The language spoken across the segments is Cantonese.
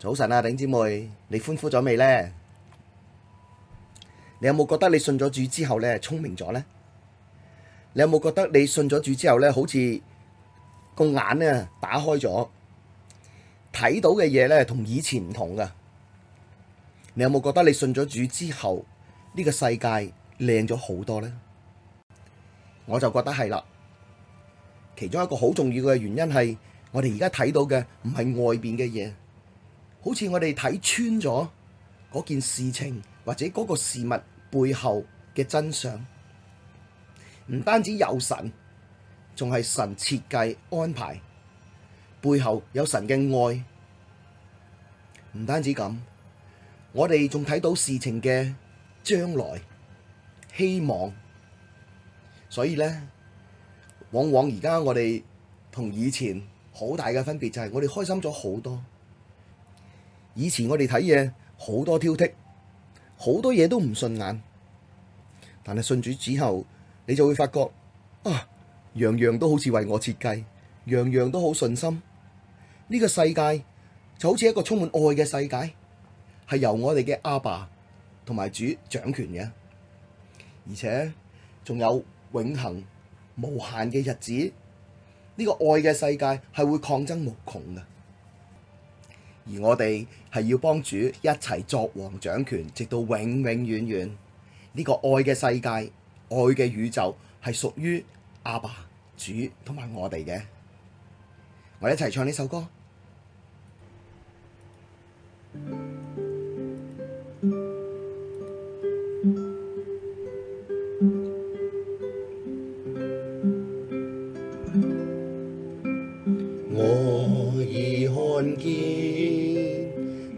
早晨啊，頂姐妹，你歡呼咗未呢？你有冇覺得你信咗主之後咧，聰明咗呢？你有冇覺得你信咗主之後呢？好似個眼呢，打開咗，睇到嘅嘢呢，同以前唔同噶？你有冇覺得你信咗主之後呢個世界靚咗好多呢？我就覺得係啦。其中一個好重要嘅原因係，我哋而家睇到嘅唔係外邊嘅嘢。好似我哋睇穿咗嗰件事情，或者嗰個事物背後嘅真相，唔單止有神，仲係神設計安排，背後有神嘅愛。唔單止咁，我哋仲睇到事情嘅將來希望。所以咧，往往而家我哋同以前好大嘅分別就係，我哋開心咗好多。以前我哋睇嘢好多挑剔，好多嘢都唔順眼，但係信主之後，你就會發覺啊，樣樣都好似為我設計，樣樣都好順心。呢個世界就好似一個充滿愛嘅世界，係由我哋嘅阿爸同埋主掌權嘅，而且仲有永恆無限嘅日子。呢個愛嘅世界係會抗爭無窮嘅。而我哋係要幫主一齊作王掌權，直到永永遠遠。呢個愛嘅世界，愛嘅宇宙係屬於阿爸、主同埋我哋嘅。我哋一齊唱呢首歌。我已看見。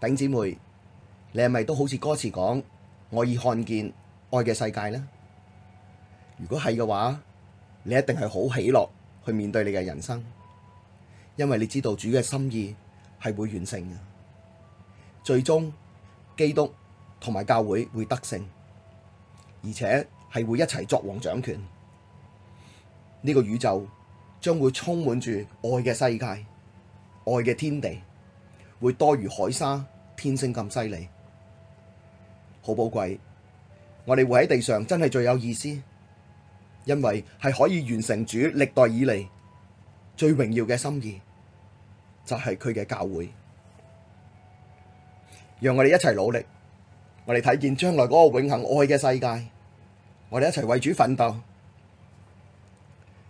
頂姊妹，你係咪都好似歌詞講，我已看見愛嘅世界呢？如果係嘅話，你一定係好喜樂去面對你嘅人生，因為你知道主嘅心意係會完成嘅，最終基督同埋教會會得勝，而且係會一齊作王掌權，呢個宇宙將會充滿住愛嘅世界，愛嘅天地。會多如海沙，天星咁犀利，好寶貴。我哋活喺地上真係最有意思，因為係可以完成主歷代以嚟，最榮耀嘅心意，就係佢嘅教會。讓我哋一齊努力，我哋睇見將來嗰個永恆愛嘅世界。我哋一齊為主奮鬥。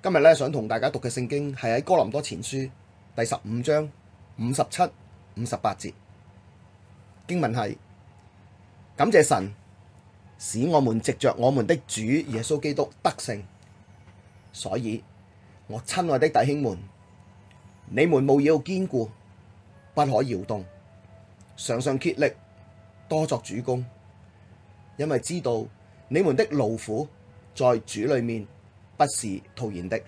今日咧想同大家讀嘅聖經係喺哥林多前書第十五章五十七。五十八節經文係，感謝神使我們藉着我們的主耶穌基督得勝，所以我親愛的弟兄們，你們務要堅固，不可搖動，常常竭力多作主工，因為知道你們的勞苦在主裏面不是徒然的。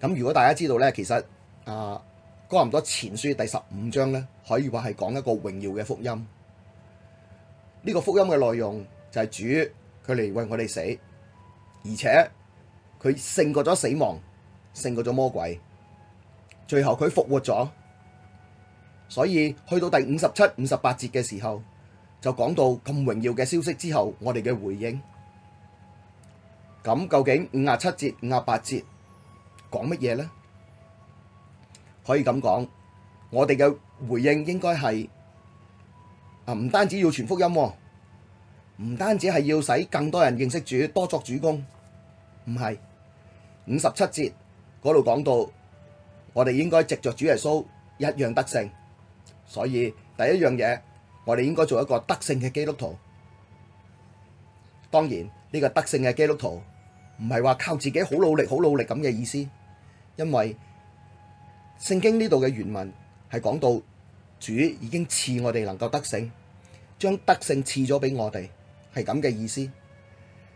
咁如果大家知道呢，其實啊。《哥林多前書》第十五章呢，可以話係講一個榮耀嘅福音。呢個福音嘅內容就係主佢嚟為我哋死，而且佢勝過咗死亡，勝過咗魔鬼，最後佢復活咗。所以去到第五十七、五十八節嘅時候，就講到咁榮耀嘅消息之後，我哋嘅回應。咁究竟五十七節、五十八節講乜嘢呢？可以咁講，我哋嘅回應應該係啊，唔單止要傳福音、哦，唔單止係要使更多人認識主，多作主工，唔係五十七節嗰度講到，我哋應該藉着主耶穌一樣得勝，所以第一樣嘢，我哋應該做一個得勝嘅基督徒。當然呢、呢個得勝嘅基督徒，唔係話靠自己好努力、好努力咁嘅意思，因為，聖經呢度嘅原文係講到主已經賜我哋能夠得勝，將得勝賜咗俾我哋，係咁嘅意思。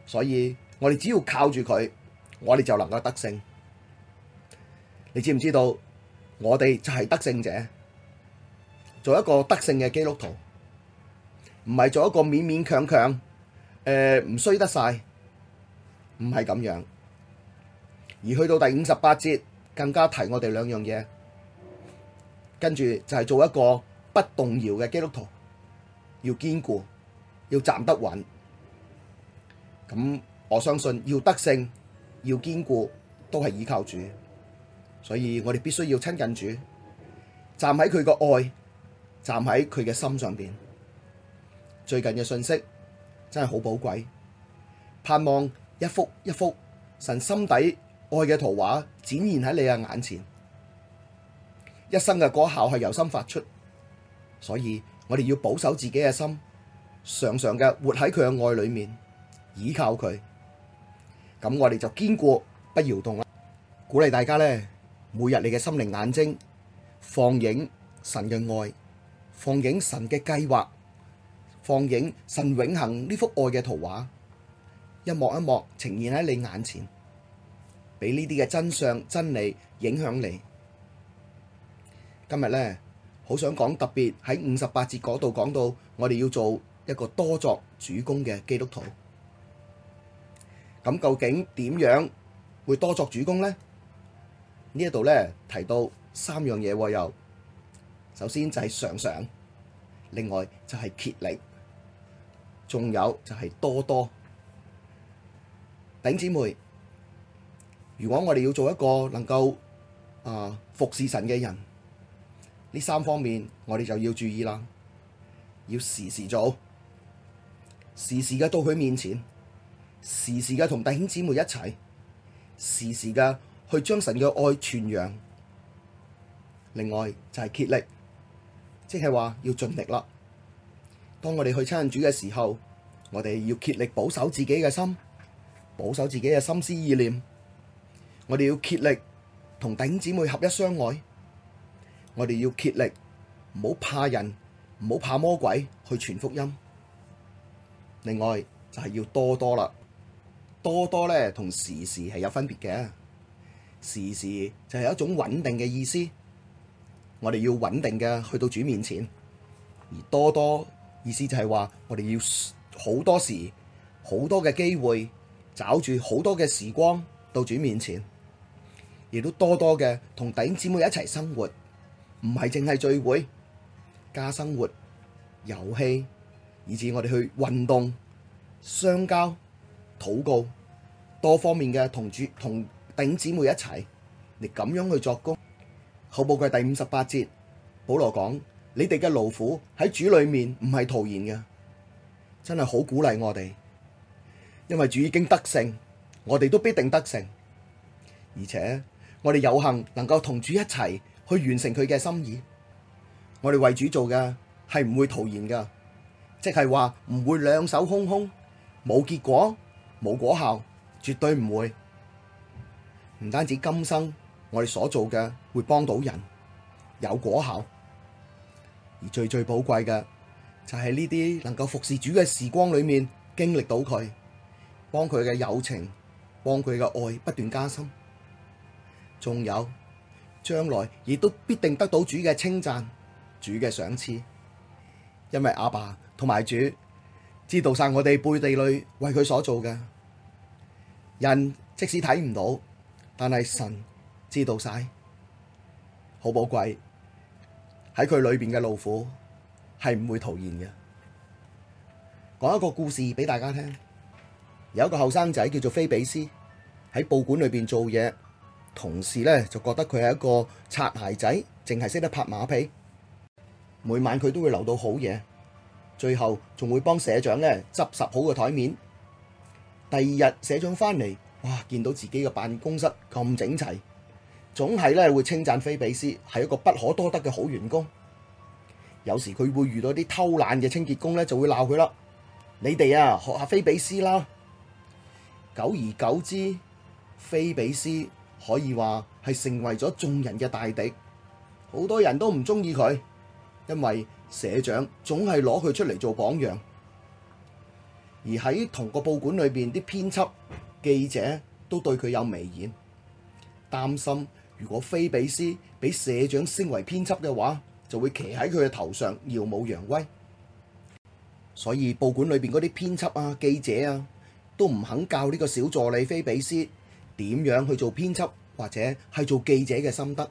所以我哋只要靠住佢，我哋就能夠得勝。你知唔知道？我哋就係得勝者，做一個得勝嘅基督徒，唔係做一個勉勉強強，誒、呃、唔衰得晒，唔係咁樣。而去到第五十八節，更加提我哋兩樣嘢。跟住就係做一個不動搖嘅基督徒，要堅固，要站得穩。咁我相信要得勝，要堅固都係依靠主，所以我哋必須要親近主，站喺佢個愛，站喺佢嘅心上邊。最近嘅信息真係好寶貴，盼望一幅一幅神心底愛嘅圖畫展現喺你嘅眼前。一生嘅嗰孝係由心發出，所以我哋要保守自己嘅心，常常嘅活喺佢嘅愛裏面，依靠佢。咁我哋就堅固不搖動啦。鼓勵大家呢，每日你嘅心靈眼睛放映神嘅愛，放映神嘅計劃，放映神永恆呢幅愛嘅圖畫，一幕一幕呈現喺你眼前，俾呢啲嘅真相真理影響你。今日咧，好想講，特別喺五十八節嗰度講到，我哋要做一個多作主工嘅基督徒。咁究竟點樣會多作主工咧？呢一度咧提到三樣嘢，又首先就係常常，另外就係竭力，仲有就係多多。頂姊妹，如果我哋要做一個能夠啊服侍神嘅人，呢三方面，我哋就要注意啦，要時時做，時時嘅到佢面前，時時嘅同弟兄姊妹一齊，時時嘅去將神嘅愛傳揚。另外就係竭力，即係話要盡力啦。當我哋去親近主嘅時候，我哋要竭力保守自己嘅心，保守自己嘅心思意念。我哋要竭力同弟兄姊妹合一相愛。我哋要竭力，唔好怕人，唔好怕魔鬼去傳福音。另外就係、是、要多多啦，多多咧，同時時係有分別嘅。時時就係一種穩定嘅意思，我哋要穩定嘅去到主面前。而多多意思就係話我哋要好多時，好多嘅機會，找住好多嘅時光到主面前，亦都多多嘅同弟兄姊妹一齊生活。唔係淨係聚會家生活遊戲，以至我哋去運動、相交、禱告，多方面嘅同主同弟姊妹一齊你咁樣去作工。後部嘅第五十八節，保羅講：你哋嘅勞苦喺主裏面唔係徒然嘅，真係好鼓勵我哋，因為主已經得勝，我哋都必定得勝，而且我哋有幸能夠同主一齊。去完成佢嘅心意，我哋為主做嘅係唔會徒然噶，即係話唔會兩手空空，冇結果，冇果效，絕對唔會。唔單止今生我哋所做嘅會幫到人，有果效，而最最寶貴嘅就係呢啲能夠服侍主嘅時光裏面經歷到佢，幫佢嘅友情，幫佢嘅愛不斷加深，仲有。將來亦都必定得到主嘅稱讚、主嘅賞賜，因為阿爸同埋主知道晒我哋背地裏為佢所做嘅人，即使睇唔到，但係神知道晒，好寶貴喺佢裏邊嘅勞苦係唔會徒然嘅。講一個故事俾大家聽，有一個後生仔叫做菲比斯喺報館裏邊做嘢。同事咧就覺得佢係一個擦鞋仔，淨係識得拍馬屁。每晚佢都會留到好夜，最後仲會幫社長咧執拾好個枱面。第二日社長返嚟，哇！見到自己嘅辦公室咁整齊，總係咧會稱讚菲比斯係一個不可多得嘅好員工。有時佢會遇到啲偷懶嘅清潔工咧，就會鬧佢啦。你哋啊，學下菲比斯啦。久而久之，菲比斯。可以話係成為咗眾人嘅大敵，好多人都唔中意佢，因為社長總係攞佢出嚟做榜樣，而喺同個報館裏邊啲編輯記者都對佢有微言，擔心如果菲比斯俾社長升為編輯嘅話，就會騎喺佢嘅頭上耀武揚威，所以報館裏邊嗰啲編輯啊記者啊都唔肯教呢個小助理菲比斯。點樣去做編輯或者係做記者嘅心得，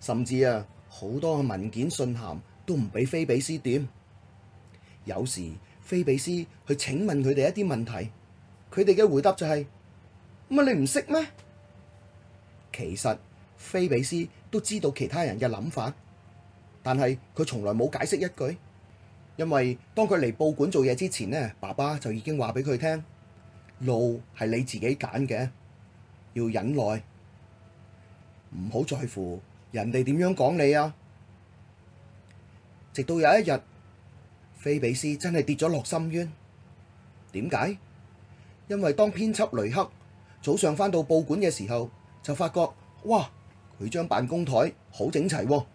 甚至啊好多嘅文件信函都唔俾菲比斯點。有時菲比斯去請問佢哋一啲問題，佢哋嘅回答就係、是：乜你唔識咩？其實菲比斯都知道其他人嘅諗法，但係佢從來冇解釋一句，因為當佢嚟報館做嘢之前呢，爸爸就已經話俾佢聽：路係你自己揀嘅。要忍耐，唔好在乎人哋點樣講你啊！直到有一日，菲比斯真係跌咗落深淵。點解？因為當編輯雷克早上返到報館嘅時候，就發覺哇，佢張辦公台好整齊喎，啊，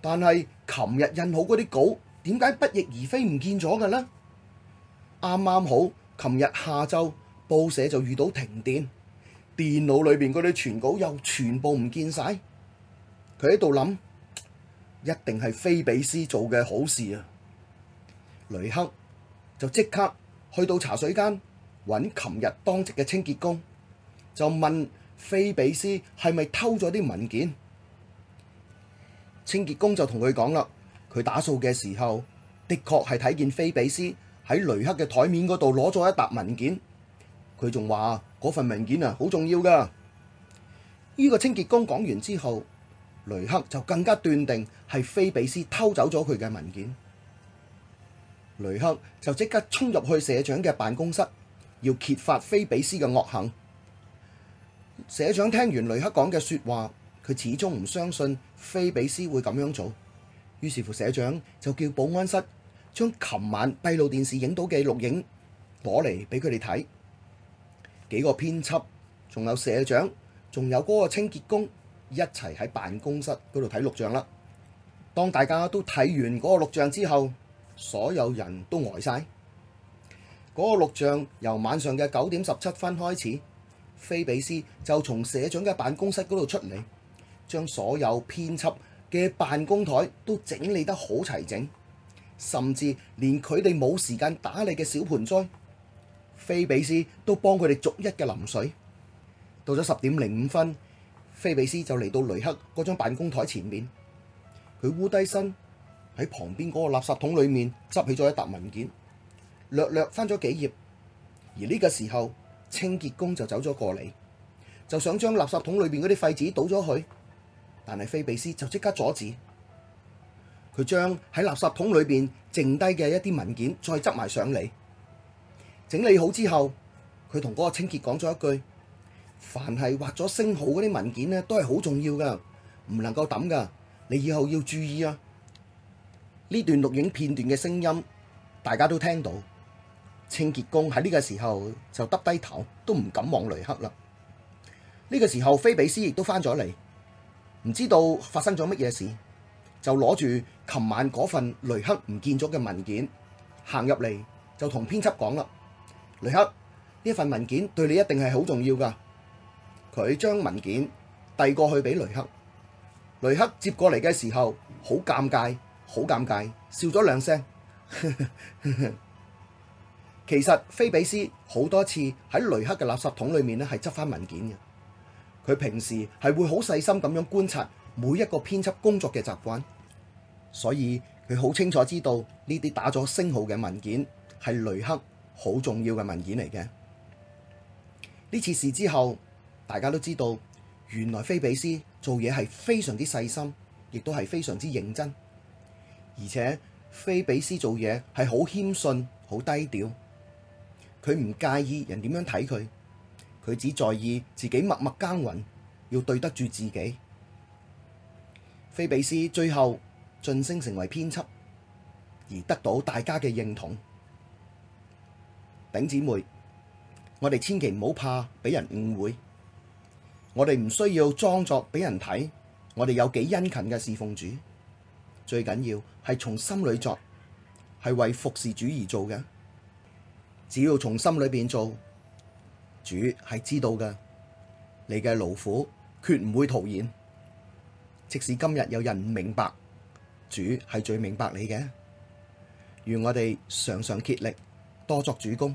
但係琴日印好嗰啲稿點解不翼而飛唔見咗嘅呢？啱啱好，琴日下晝報社就遇到停電。電腦裏邊嗰啲存稿又全部唔見晒，佢喺度諗，一定係菲比斯做嘅好事啊！雷克就即刻去到茶水間，搵琴日當值嘅清潔工，就問菲比斯係咪偷咗啲文件。清潔工就同佢講啦，佢打掃嘅時候，的確係睇見菲比斯喺雷克嘅台面嗰度攞咗一沓文件。佢仲話嗰份文件啊好重要噶。呢個清潔工講完之後，雷克就更加斷定係菲比斯偷走咗佢嘅文件。雷克就即刻衝入去社長嘅辦公室，要揭發菲比斯嘅惡行。社長聽完雷克講嘅說話，佢始終唔相信菲比斯會咁樣做。於是乎，社長就叫保安室將琴晚閉路電視影到嘅錄影攞嚟俾佢哋睇。幾個編輯，仲有社長，仲有嗰個清潔工，一齊喺辦公室嗰度睇錄像啦。當大家都睇完嗰個錄像之後，所有人都呆晒。嗰個錄像由晚上嘅九點十七分開始，菲比斯就從社長嘅辦公室嗰度出嚟，將所有編輯嘅辦公檯都整理得好齊整，甚至連佢哋冇時間打理嘅小盆栽。菲比斯都幫佢哋逐一嘅淋水。到咗十點零五分，菲比斯就嚟到雷克嗰張辦公台前面。佢屈低身喺旁邊嗰個垃圾桶裏面，執起咗一沓文件，略略翻咗幾頁。而呢個時候，清潔工就走咗過嚟，就想將垃圾桶裏邊嗰啲廢紙倒咗佢。但係菲比斯就即刻阻止。佢將喺垃圾桶裏邊剩低嘅一啲文件再執埋上嚟。整理好之後，佢同嗰個清潔講咗一句：凡係畫咗星號嗰啲文件呢，都係好重要噶，唔能夠抌噶。你以後要注意啊！呢段錄影片段嘅聲音，大家都聽到。清潔工喺呢個時候就耷低頭，都唔敢望雷克啦。呢個時候，菲比斯亦都翻咗嚟，唔知道發生咗乜嘢事，就攞住琴晚嗰份雷克唔見咗嘅文件行入嚟，就同編輯講啦。雷克，呢份文件對你一定係好重要噶。佢將文件遞過去俾雷克，雷克接過嚟嘅時候好尷尬，好尷尬，笑咗兩聲。 其實菲比斯好多次喺雷克嘅垃圾桶裏面咧係執翻文件嘅，佢平時係會好細心咁樣觀察每一個編輯工作嘅習慣，所以佢好清楚知道呢啲打咗星號嘅文件係雷克好重要嘅文件嚟嘅。呢次事之後，大家都知道原來菲比斯做嘢係非常之細心，亦都係非常之認真，而且菲比斯做嘢係好謙遜、好低調，佢唔介意人點樣睇佢，佢只在意自己默默耕耘，要對得住自己。菲比斯最後晉升成為編輯，而得到大家嘅認同。頂姊妹，我哋千祈唔好怕俾人誤會，我哋唔需要裝作俾人睇，我哋有幾殷勤嘅侍奉主，最緊要係從心裏作，係為服侍主而做嘅，只要從心裏邊做，主係知道嘅，你嘅勞苦決唔會徒然，即使今日有人唔明白，主係最明白你嘅，願我哋常常竭力，多作主工。